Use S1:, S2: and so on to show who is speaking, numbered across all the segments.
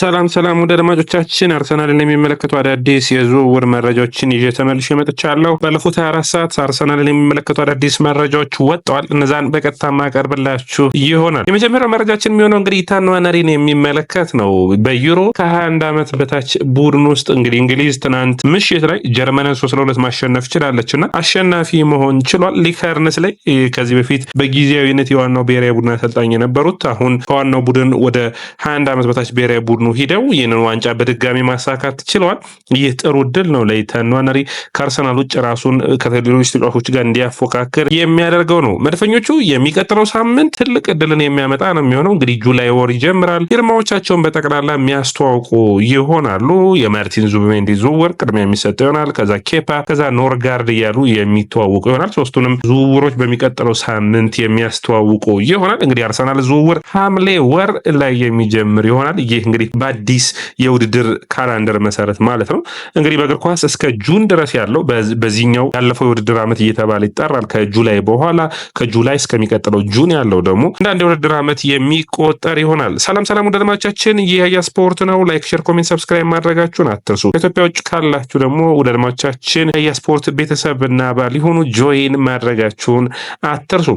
S1: ሰላም ሰላም ወደ አድማጮቻችን አርሰናልን የሚመለከቱ አዳዲስ የዝውውር መረጃዎችን ይዤ ተመልሼ መጥቻለሁ። ባለፉት 24 ሰዓት አርሰናልን የሚመለከቱ አዳዲስ መረጃዎች ወጥተዋል። እነዛን በቀጥታ ማቀርብላችሁ ይሆናል። የመጀመሪያው መረጃችን የሚሆነው እንግዲህ ኢታን ንዋነሪን የሚመለከት ነው። በዩሮ ከ21 ዓመት በታች ቡድን ውስጥ እንግዲህ እንግሊዝ ትናንት ምሽት ላይ ጀርመንን ሶስት ለሁለት ማሸነፍ ችላለች እና አሸናፊ መሆን ችሏል። ሊከርንስ ላይ ከዚህ በፊት በጊዜያዊነት የዋናው ብሔራዊ ቡድን አሰልጣኝ የነበሩት አሁን ከዋናው ቡድን ወደ 21 ዓመት በታች ብሔራዊ ቡድን ቡድኑ ሂደው ይህንን ዋንጫ በድጋሚ ማሳካት ችለዋል። ይህ ጥሩ ድል ነው። ለኢታን ንዋነሪ ከአርሰናል ውጭ ራሱን ከሌሎች ተጫዋቾች ጋር እንዲያፎካክር የሚያደርገው ነው። መድፈኞቹ የሚቀጥለው ሳምንት ትልቅ እድልን የሚያመጣ ነው የሚሆነው። እንግዲህ ጁላይ ወር ይጀምራል። ፊርማዎቻቸውን በጠቅላላ የሚያስተዋውቁ ይሆናሉ። የማርቲን ዙቢሜንዲ ዝውውር ቅድሚያ የሚሰጠው ይሆናል። ከዛ ኬፓ፣ ከዛ ኖርጋርድ እያሉ የሚተዋውቁ ይሆናል። ሶስቱንም ዝውውሮች በሚቀጥለው ሳምንት የሚያስተዋውቁ ይሆናል። እንግዲህ አርሰናል ዝውውር ሐምሌ ወር ላይ የሚጀምር ይሆናል። ይህ እንግዲህ በአዲስ የውድድር ካላንደር መሰረት ማለት ነው እንግዲህ በእግር ኳስ እስከ ጁን ድረስ ያለው በዚህኛው ያለፈው የውድድር ዓመት እየተባለ ይጠራል። ከጁላይ በኋላ ከጁላይ እስከሚቀጥለው ጁን ያለው ደግሞ እንዳንድ የውድድር ዓመት የሚቆጠር ይሆናል። ሰላም ሰላም፣ ውደድማቻችን የያያ ስፖርት ነው። ላይክ፣ ሼር፣ ኮሜንት፣ ሰብስክራይብ ማድረጋችሁን አትርሱ። ከኢትዮጵያ ውጭ ካላችሁ ደግሞ ውደድማቻችን የያያ ስፖርት ቤተሰብና አባል ሆኑ ጆይን ማድረጋችሁን አትርሱ።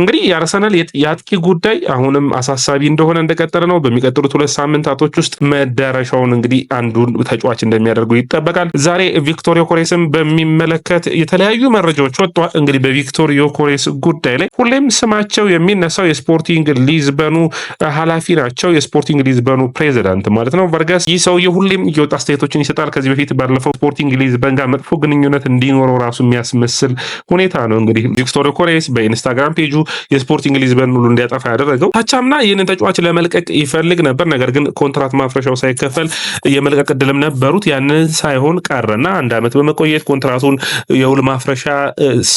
S1: እንግዲህ የአርሰናል የአጥቂ ጉዳይ አሁንም አሳሳቢ እንደሆነ እንደቀጠለ ነው። በሚቀጥሉት ሁለት ሳምንታቶች ውስጥ መዳረሻውን እንግዲህ አንዱን ተጫዋች እንደሚያደርጉ ይጠበቃል። ዛሬ ቪክቶር ዮኮሬስን በሚመለከት የተለያዩ መረጃዎች ወጥቷል። እንግዲህ በቪክቶር ዮኮሬስ ጉዳይ ላይ ሁሌም ስማቸው የሚነሳው የስፖርቲንግ ሊዝበኑ ኃላፊ ናቸው። የስፖርቲንግ ሊዝበኑ ፕሬዚዳንት ማለት ነው ቨርጋስ። ይህ ሰውዬ ሁሌም እየወጣ አስተያየቶችን ይሰጣል። ከዚህ በፊት ባለፈው ስፖርቲንግ ሊዝበን ጋር መጥፎ ግንኙነት እንዲኖረው ራሱ የሚያስመስል ሁኔታ ነው። እንግዲህ ቪክቶር ዮኮሬስ በኢንስታግራም ፔጁ የስፖርቲንግ ሊዝበን ሁሉ እንዲያጠፋ ያደረገው ታቻምና ይህንን ተጫዋች ለመልቀቅ ይፈልግ ነበር ነገር ግን ኮንትራት ማፍረሻው ሳይከፈል የመልቀቅ እድልም ነበሩት። ያንን ሳይሆን ቀረና አንድ ዓመት በመቆየት ኮንትራቱን የውል ማፍረሻ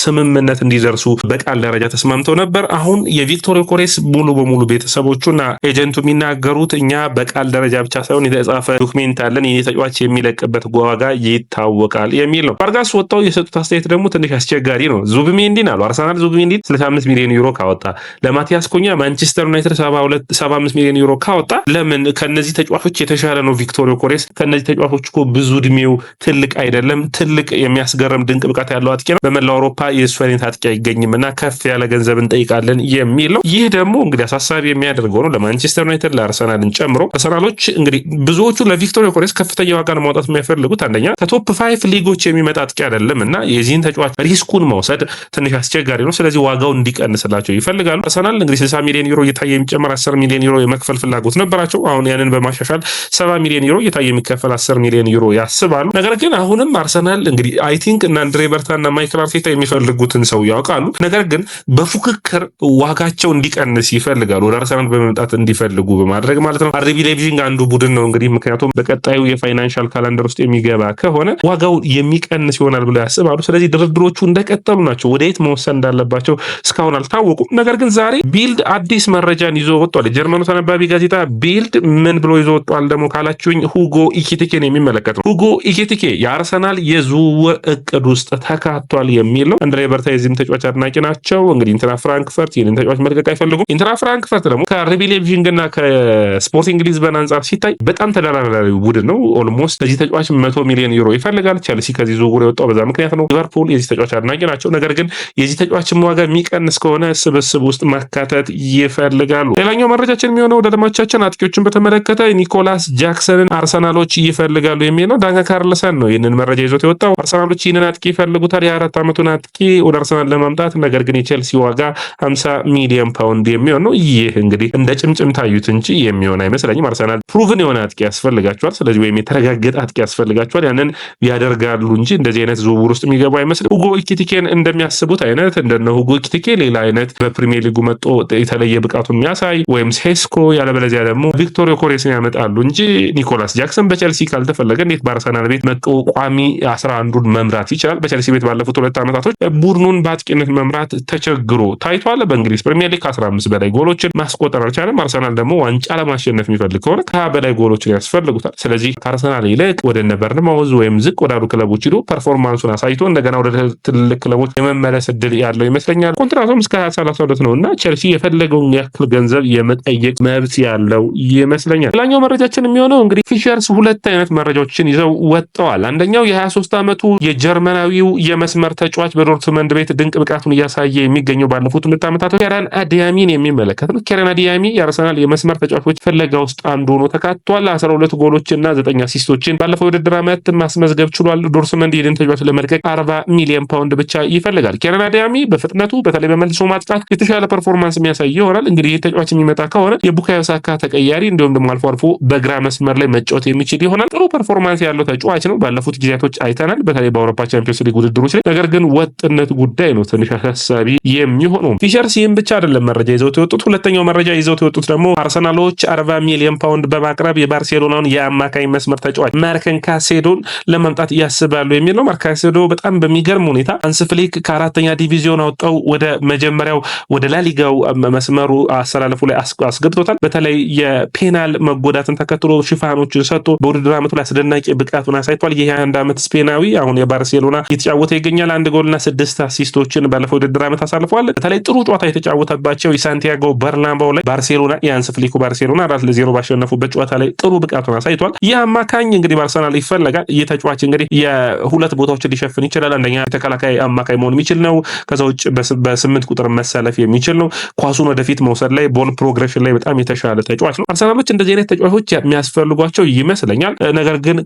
S1: ስምምነት እንዲደርሱ በቃል ደረጃ ተስማምተው ነበር። አሁን የቪክቶር ኮሬስ ሙሉ በሙሉ ቤተሰቦቹና ኤጀንቱ የሚናገሩት እኛ በቃል ደረጃ ብቻ ሳይሆን የተጻፈ ዶክሜንት አለን የኔ ተጫዋች የሚለቅበት ዋጋ ይታወቃል የሚል ነው። ቫርጋስ ወጥተው የሰጡት አስተያየት ደግሞ ትንሽ አስቸጋሪ ነው። ዙብሜንዲን አሉ አርሰናል ዙብሜንዲን 65 ሚሊዮን ዩሮ ካወጣ ለማቲያስ ኩኛ ማንቸስተር ዩናይትድ 75 ሚሊዮን ዩሮ ካወጣ ለምን ከነዚህ ተጫዋቾች የተሻለ ነው። ቪክቶሪዮ ኮሬስ ከእነዚህ ተጫዋቾች እኮ ብዙ እድሜው ትልቅ አይደለም። ትልቅ የሚያስገርም ድንቅ ብቃት ያለው አጥቂ ነው። በመላው አውሮፓ የእሱ አይነት አጥቂ አይገኝም እና ከፍ ያለ ገንዘብ እንጠይቃለን የሚል ነው ይህ ደግሞ እንግዲህ አሳሳቢ የሚያደርገው ነው ለማንቸስተር ዩናይትድ ለአርሰናልን ጨምሮ አርሰናሎች እንግዲህ ብዙዎቹ ለቪክቶሪዮ ኮሬስ ከፍተኛ ዋጋ ነው ማውጣት የሚያፈልጉት። አንደኛ ከቶፕ ፋይፍ ሊጎች የሚመጣ አጥቂ አይደለም እና የዚህን ተጫዋች ሪስኩን መውሰድ ትንሽ አስቸጋሪ ነው። ስለዚህ ዋጋው እንዲቀንስላቸው ይፈልጋሉ። አርሰናል እንግዲህ 60 ሚሊዮን ዩሮ እየታየ የሚጨምር 10 ሚሊዮን ዩሮ የመክፈል ፍላጎት ነበራቸው። አሁን ያንን በማሽ ለማሻሻል 7 ሚሊዮን ዩሮ እየታየ የሚከፈል 10 ሚሊዮን ዩሮ ያስባሉ። ነገር ግን አሁንም አርሰናል እንግዲህ አይ ቲንክ እና አንድሬ በርታ እና ማይክል አርቴታ የሚፈልጉትን ሰው ያውቃሉ። ነገር ግን በፉክክር ዋጋቸው እንዲቀንስ ይፈልጋሉ። ወደ አርሰናል በመምጣት እንዲፈልጉ በማድረግ ማለት ነው። አርቢ ላይፕዚግ አንዱ ቡድን ነው እንግዲህ ምክንያቱም በቀጣዩ የፋይናንሻል ካላንደር ውስጥ የሚገባ ከሆነ ዋጋው የሚቀንስ ይሆናል ብለው ያስባሉ። ስለዚህ ድርድሮቹ እንደቀጠሉ ናቸው። ወደ የት መወሰን እንዳለባቸው እስካሁን አልታወቁም። ነገር ግን ዛሬ ቢልድ አዲስ መረጃን ይዞ ወጥቷል። የጀርመኑ ተነባቢ ጋዜጣ ቢልድ ምን ብሎ ይዞ ይዞ ወጥቷል ደግሞ ካላችሁኝ ሁጎ ኢኪቲኬን የሚመለከት ነው። ሁጎ ኢኪቲኬ የአርሰናል የዝውውር እቅድ ውስጥ ተካቷል የሚል ነው። አንድሬ በርታ የዚህም ተጫዋች አድናቂ ናቸው። እንግዲህ ኢንትራ ፍራንክፈርት ይህንን ተጫዋች መልቀቅ አይፈልጉም። ኢንትራ ፍራንክፈርት ደግሞ ከሪቢ ሌቪዥንግ እና ከስፖርቲንግ ሊዝበን አንጻር ሲታይ በጣም ተደራዳሪ ቡድን ነው። ኦልሞስት ለዚህ ተጫዋች መቶ ሚሊዮን ዩሮ ይፈልጋል። ቸልሲ ከዚህ ዝውውር የወጣው በዛ ምክንያት ነው። ሊቨርፑል የዚህ ተጫዋች አድናቂ ናቸው። ነገር ግን የዚህ ተጫዋችም ዋጋ የሚቀንስ ከሆነ ስብስብ ውስጥ ማካተት ይፈልጋሉ። ሌላኛው መረጃችን የሚሆነው ወደ አድማጮቻችን አጥቂዎችን በተመለከተ ኒኮላስ ጃክሰንን አርሰናሎች ይፈልጋሉ የሚል ነው። ዳንጋ ካርልሰን ነው ይህንን መረጃ ይዞት የወጣው። አርሰናሎች ይህንን አጥቂ ይፈልጉታል። የአራት ዓመቱን አጥቂ ወደ አርሰናል ለማምጣት ነገር ግን የቼልሲ ዋጋ 50 ሚሊዮን ፓውንድ የሚሆን ነው። ይህ እንግዲህ እንደ ጭምጭም ታዩት እንጂ የሚሆን አይመስለኝም። አርሰናል ፕሩቭን የሆነ አጥቂ ያስፈልጋቸዋል። ስለዚህ ወይም የተረጋገጠ አጥቂ ያስፈልጋቸዋል። ያንን ያደርጋሉ እንጂ እንደዚህ አይነት ዝውውር ውስጥ የሚገቡ አይመስልም። ሁጎ ኢኪቲኬን እንደሚያስቡት አይነት እንደነ ሁጎ ኢኪቲኬ ሌላ አይነት በፕሪሚየር ሊጉ መጦ የተለየ ብቃቱን የሚያሳይ ወይም ሴስኮ ያለበለዚያ ደግሞ ቪክቶር ኮሬስን ያመጣሉ እንጂ ኒኮላስ ጃክሰን በቸልሲ ካልተፈለገ እንዴት በአርሰናል ቤት መጦ ቋሚ አስራ አንዱን መምራት ይችላል? በቸልሲ ቤት ባለፉት ሁለት ዓመታቶች ቡድኑን በአጥቂነት መምራት ተቸግሮ ታይቷል። በእንግሊዝ ፕሪሚየር ሊግ ከአስራ አምስት በላይ ጎሎችን ማስቆጠር አልቻለም። አርሰናል ደግሞ ዋንጫ ለማሸነፍ የሚፈልግ ከሆነ ከሀያ በላይ ጎሎችን ያስፈልጉታል። ስለዚህ ከአርሰናል ይልቅ ወደ እነ በርንማውዝ ወይም ዝቅ ወዳሉ ክለቦች ሂዶ ፐርፎርማንሱን አሳይቶ እንደገና ወደ ትልልቅ ክለቦች የመመለስ እድል ያለው ይመስለኛል። ኮንትራቱም እስከ ሀያ ሰላሳ ሁለት ነው እና ቸልሲ የፈለገውን ያክል ገንዘብ የመጠየቅ መብት ያለው ይመስለኛል። ሌላኛው መረጃችን የሚሆነው እንግዲህ ፊሸርስ ሁለት አይነት መረጃዎችን ይዘው ወጥተዋል። አንደኛው የ23 ዓመቱ የጀርመናዊው የመስመር ተጫዋች በዶርትመንድ ቤት ድንቅ ብቃቱን እያሳየ የሚገኘው ባለፉት ሁለት ዓመታት ኬራን አዲያሚን የሚመለከት ነው። ኬራን አዲያሚ የአርሰናል የመስመር ተጫዋቾች ፍለጋ ውስጥ አንዱ ሆኖ ተካቷል። 12 ጎሎችና 9 አሲስቶችን ባለፈው የውድድር ዓመት ማስመዝገብ ችሏል። ዶርትመንድ ይህን ተጫዋች ለመልቀቅ 40 ሚሊዮን ፓውንድ ብቻ ይፈልጋል። ኬራን አዲያሚ በፍጥነቱ በተለይ በመልሶ ማጥቃት የተሻለ ፐርፎርማንስ የሚያሳይ ይሆናል። እንግዲህ ይህ ተጫዋች የሚመጣ ከሆነ የቡካዮ ሳካ ተቀያሪ እንዲሁም ደግሞ አልፎ አልፎ አልፎ በግራ መስመር ላይ መጫወት የሚችል ይሆናል። ጥሩ ፐርፎርማንስ ያለው ተጫዋች ነው፣ ባለፉት ጊዜያቶች አይተናል፣ በተለይ በአውሮፓ ቻምፒዮንስ ሊግ ውድድሮች ላይ። ነገር ግን ወጥነት ጉዳይ ነው ትንሽ አሳሳቢ የሚሆነው። ፊሸርስ ይህም ብቻ አይደለም መረጃ ይዘውት የወጡት። ሁለተኛው መረጃ ይዘውት የወጡት ደግሞ አርሰናሎች አርባ ሚሊዮን ፓውንድ በማቅረብ የባርሴሎናውን የአማካኝ መስመር ተጫዋች ማርከን ካሴዶን ለመምጣት ያስባሉ የሚል ነው። ማርከን ካሴዶ በጣም በሚገርም ሁኔታ አንስፍሊክ ከአራተኛ ዲቪዚዮን አውጣው ወደ መጀመሪያው ወደ ላሊጋው መስመሩ አሰላለፉ ላይ አስገብቶታል። በተለይ የፔናል መጎ መጎዳትን ተከትሎ ሽፋኖችን ሰጥቶ በውድድር ዓመቱ ላይ አስደናቂ ብቃቱን አሳይቷል። ይህ የአንድ ዓመት ስፔናዊ አሁን የባርሴሎና እየተጫወተ ይገኛል። አንድ ጎልና ስድስት አሲስቶችን ባለፈው ውድድር ዓመት አሳልፏል። በተለይ ጥሩ ጨዋታ የተጫወተባቸው የሳንቲያጎ በርናባው ላይ ባርሴሎና የሃንሲ ፍሊኩ ባርሴሎና አራት ለዜሮ ባሸነፉበት ጨዋታ ላይ ጥሩ ብቃቱን አሳይቷል። ይህ አማካኝ እንግዲህ በአርሰናል ይፈለጋል። ይህ ተጫዋች እንግዲህ የሁለት ቦታዎችን ሊሸፍን ይችላል። አንደኛ የተከላካይ አማካኝ መሆን የሚችል ነው። ከዛ ውጭ በስምንት ቁጥር መሰለፍ የሚችል ነው። ኳሱን ወደፊት መውሰድ ላይ ቦል ፕሮግሬሽን ላይ በጣም የተሻለ ተጫዋች ነው። አርሰናሎች እንደዚህ አይነት ተጫዋቾች የሚያስፈልጓቸው ይመስለኛል። ነገር ግን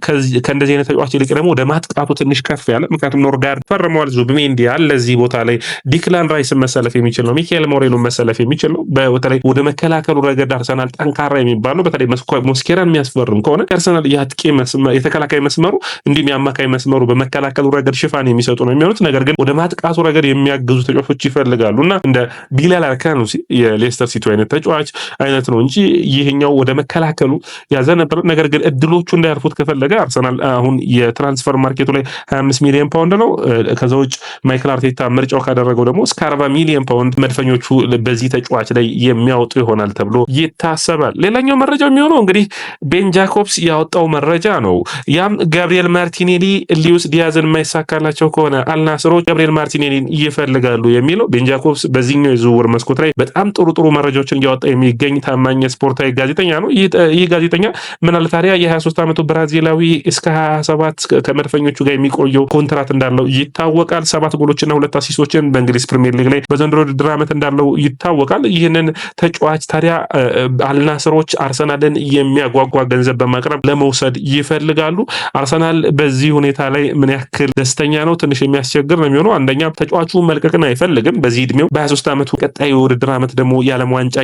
S1: ከእንደዚህ አይነት ተጫዋች ይልቅ ደግሞ ወደ ማጥቃቱ ትንሽ ከፍ ያለ ምክንያቱም ኖርጋርድ ፈርመዋል፣ ዙብሜንዲ አለ እዚህ ቦታ ላይ፣ ዲክላን ራይስን መሰለፍ የሚችል ነው፣ ሚካኤል ሞሬኖ መሰለፍ የሚችል ነው። በተለይ ወደ መከላከሉ ረገድ አርሰናል ጠንካራ የሚባል ነው። በተለይ ሞስኬራን የሚያስፈርም ከሆነ የአርሰናል የአጥቂ የተከላካይ መስመሩ እንዲሁም የአማካይ መስመሩ በመከላከሉ ረገድ ሽፋን የሚሰጡ ነው የሚሆኑት። ነገር ግን ወደ ማጥቃቱ ረገድ የሚያግዙ ተጫዋቾች ይፈልጋሉ እና እንደ ቢላል አርካኑ የሌስተር ሲቲ አይነት ተጫዋች አይነት ነው እንጂ ይህኛው ወደ መከላከል መካከሉ ያዘ ነበር። ነገር ግን እድሎቹ እንዳያርፉት ከፈለገ አርሰናል አሁን የትራንስፈር ማርኬቱ ላይ 25 ሚሊዮን ፓውንድ ነው። ከዛ ውጭ ማይክል አርቴታ ምርጫው ካደረገው ደግሞ እስከ 40 ሚሊዮን ፓውንድ መድፈኞቹ በዚህ ተጫዋች ላይ የሚያወጡ ይሆናል ተብሎ ይታሰባል። ሌላኛው መረጃ የሚሆነው እንግዲህ ቤን ጃኮብስ ያወጣው መረጃ ነው። ያም ጋብሪኤል ማርቲኔሊ ሊዩስ ዲያዝን የማይሳካላቸው ከሆነ አልናስሮች ጋብሪኤል ማርቲኔሊን ይፈልጋሉ የሚለው ቤን ጃኮብስ በዚህኛው የዝውውር መስኮት ላይ በጣም ጥሩ ጥሩ መረጃዎችን እያወጣ የሚገኝ ታማኝ ስፖርታዊ ጋዜጠኛ ነው። ይህ ጋዜጠኛ ምን አለ ታዲያ የ23 ዓመቱ ብራዚላዊ እስከ 27 ከመድፈኞቹ ጋር የሚቆየው ኮንትራት እንዳለው ይታወቃል። ሰባት ጎሎችና ሁለት አሲሶችን በእንግሊዝ ፕሪሚየር ሊግ ላይ በዘንድሮ ውድድር ዓመት እንዳለው ይታወቃል። ይህንን ተጫዋች ታዲያ አልናስሮች አርሰናልን የሚያጓጓ ገንዘብ በማቅረብ ለመውሰድ ይፈልጋሉ። አርሰናል በዚህ ሁኔታ ላይ ምን ያክል ደስተኛ ነው? ትንሽ የሚያስቸግር ነው የሚሆነው። አንደኛ ተጫዋቹ መልቀቅን አይፈልግም። በዚህ እድሜው በ23 ዓመቱ ቀጣይ ውድድር ዓመት ደግሞ የዓለም ዋንጫ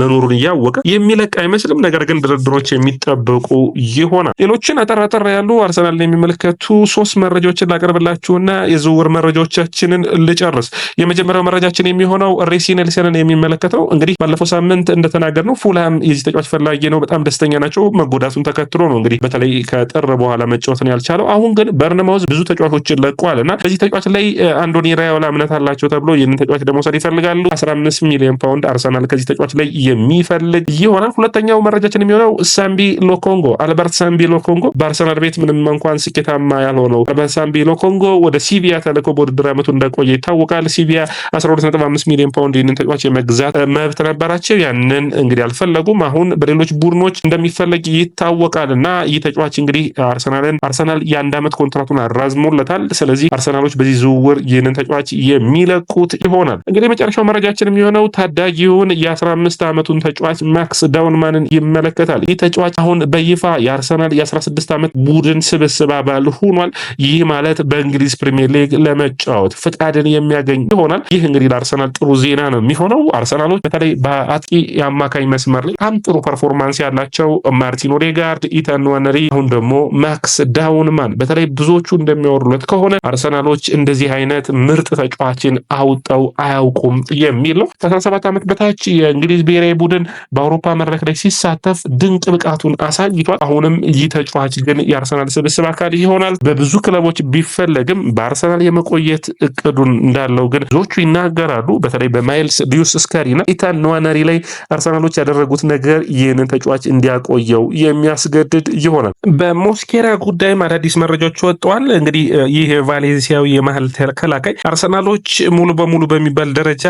S1: መኖሩን እያወቀ የሚለቅ አይመስልም። ነገር ግን ድርድሮች የሚጠበቁ ይሆናል። ሌሎችን አጠራጠር ያሉ አርሰናልን የሚመለከቱ ሶስት መረጃዎችን ላቀርብላችሁና የዝውውር መረጃዎቻችንን ልጨርስ። የመጀመሪያው መረጃችን የሚሆነው ሬሲ ኔልሰንን የሚመለከተው እንግዲህ ባለፈው ሳምንት እንደተናገር ነው ፉልሃም የዚህ ተጫዋች ፈላጊ ነው፣ በጣም ደስተኛ ናቸው። መጎዳቱን ተከትሎ ነው እንግዲህ በተለይ ከጥር በኋላ መጫወት ነው ያልቻለው። አሁን ግን በርንማውዝ ብዙ ተጫዋቾችን ለቋል እና በዚህ ተጫዋች ላይ አንዶኒ ራዮላ እምነት አላቸው ተብሎ ይህንን ተጫዋች ለመውሰድ ይፈልጋሉ። 15 ሚሊዮን ፓውንድ አርሰናል ከዚህ ተጫዋች ላይ የሚፈልግ ይሆናል። ሁለተኛው መረጃችን የሚሆነው ሳምቢ ሎኮንጎ አልበርት ሳምቢ ሎኮንጎ በአርሰናል ቤት ምንም እንኳን ስኬታማ ያልሆነው አልበርት ሳምቢ ሎኮንጎ ወደ ሲቪያ ተልኮ በውድድር ዓመቱ እንደቆየ ይታወቃል። ሲቪያ 125 ሚሊዮን ፓውንድ ይህንን ተጫዋች የመግዛት መብት ነበራቸው። ያንን እንግዲህ አልፈለጉም። አሁን በሌሎች ቡድኖች እንደሚፈለግ ይታወቃል እና ይህ ተጫዋች እንግዲህ አርሰናልን አርሰናል የአንድ ዓመት ኮንትራቱን አራዝሞለታል። ስለዚህ አርሰናሎች በዚህ ዝውውር ይህንን ተጫዋች የሚለቁት ይሆናል። እንግዲህ የመጨረሻው መረጃችን የሚሆነው ታዳጊውን የ15 ዓመቱን ተጫዋች ማክስ ዳውንማንን ይመለከ ይመለከታል። ይህ ተጫዋች አሁን በይፋ የአርሰናል የ16 ዓመት ቡድን ስብስብ አባል ሆኗል። ይህ ማለት በእንግሊዝ ፕሪሚየር ሊግ ለመጫወት ፍቃድን የሚያገኝ ይሆናል። ይህ እንግዲህ ለአርሰናል ጥሩ ዜና ነው የሚሆነው። አርሰናሎች በተለይ በአጥቂ የአማካኝ መስመር ላይ በጣም ጥሩ ፐርፎርማንስ ያላቸው ማርቲን ኦዴጋርድ፣ ኢተን ወነሪ፣ አሁን ደግሞ ማክስ ዳውንማን በተለይ ብዙዎቹ እንደሚያወሩለት ከሆነ አርሰናሎች እንደዚህ አይነት ምርጥ ተጫዋችን አውጠው አያውቁም የሚል ነው። ከ17 ዓመት በታች የእንግሊዝ ብሔራዊ ቡድን በአውሮፓ መድረክ ላይ ሲሳተፍ ድንቅ ብቃቱን አሳይቷል። አሁንም ይህ ተጫዋች ግን የአርሰናል ስብስብ አካል ይሆናል። በብዙ ክለቦች ቢፈለግም በአርሰናል የመቆየት እቅዱን እንዳለው ግን ብዙዎቹ ይናገራሉ። በተለይ በማይልስ ዲዩስ ስካሪና ኢታን ነዋነሪ ላይ አርሰናሎች ያደረጉት ነገር ይህንን ተጫዋች እንዲያቆየው የሚያስገድድ ይሆናል። በሞስኬራ ጉዳይም አዳዲስ መረጃዎች ወጥተዋል። እንግዲህ ይህ ቫሌንሲያዊ የመሀል ተከላካይ አርሰናሎች ሙሉ በሙሉ በሚባል ደረጃ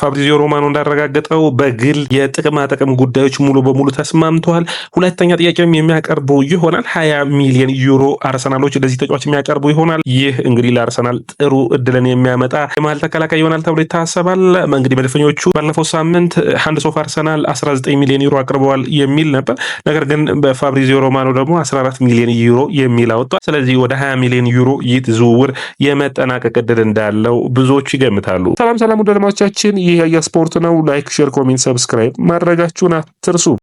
S1: ፋብሪዚዮ ሮማኖ እንዳረጋገጠው በግል የጥቅማ ጥቅም ጉዳዮች ሙሉ በሙሉ ተስማ ተስማምተዋል። ሁለተኛ ጥያቄም የሚያቀርቡ ይሆናል። ሀያ ሚሊዮን ዩሮ አርሰናሎች ለዚህ ተጫዋች የሚያቀርቡ ይሆናል። ይህ እንግዲህ ለአርሰናል ጥሩ እድልን የሚያመጣ የመሀል ተከላካይ ይሆናል ተብሎ ይታሰባል። እንግዲህ መድፈኞቹ ባለፈው ሳምንት ሀንድ ሶፍ አርሰናል 19 ሚሊዮን ዩሮ አቅርበዋል የሚል ነበር። ነገር ግን በፋብሪዚዮ ሮማኖ ደግሞ 14 ሚሊዮን ዩሮ የሚል አወጧል። ስለዚህ ወደ 20 ሚሊዮን ዩሮ ይህ ዝውውር የመጠናቀቅ እድል እንዳለው ብዙዎች ይገምታሉ። ሰላም ሰላም፣ ውድ አድማጮቻችን ይህ የስፖርት ነው። ላይክ፣ ሼር፣ ኮሜንት፣ ሰብስክራይብ ማድረጋችሁን አትርሱ።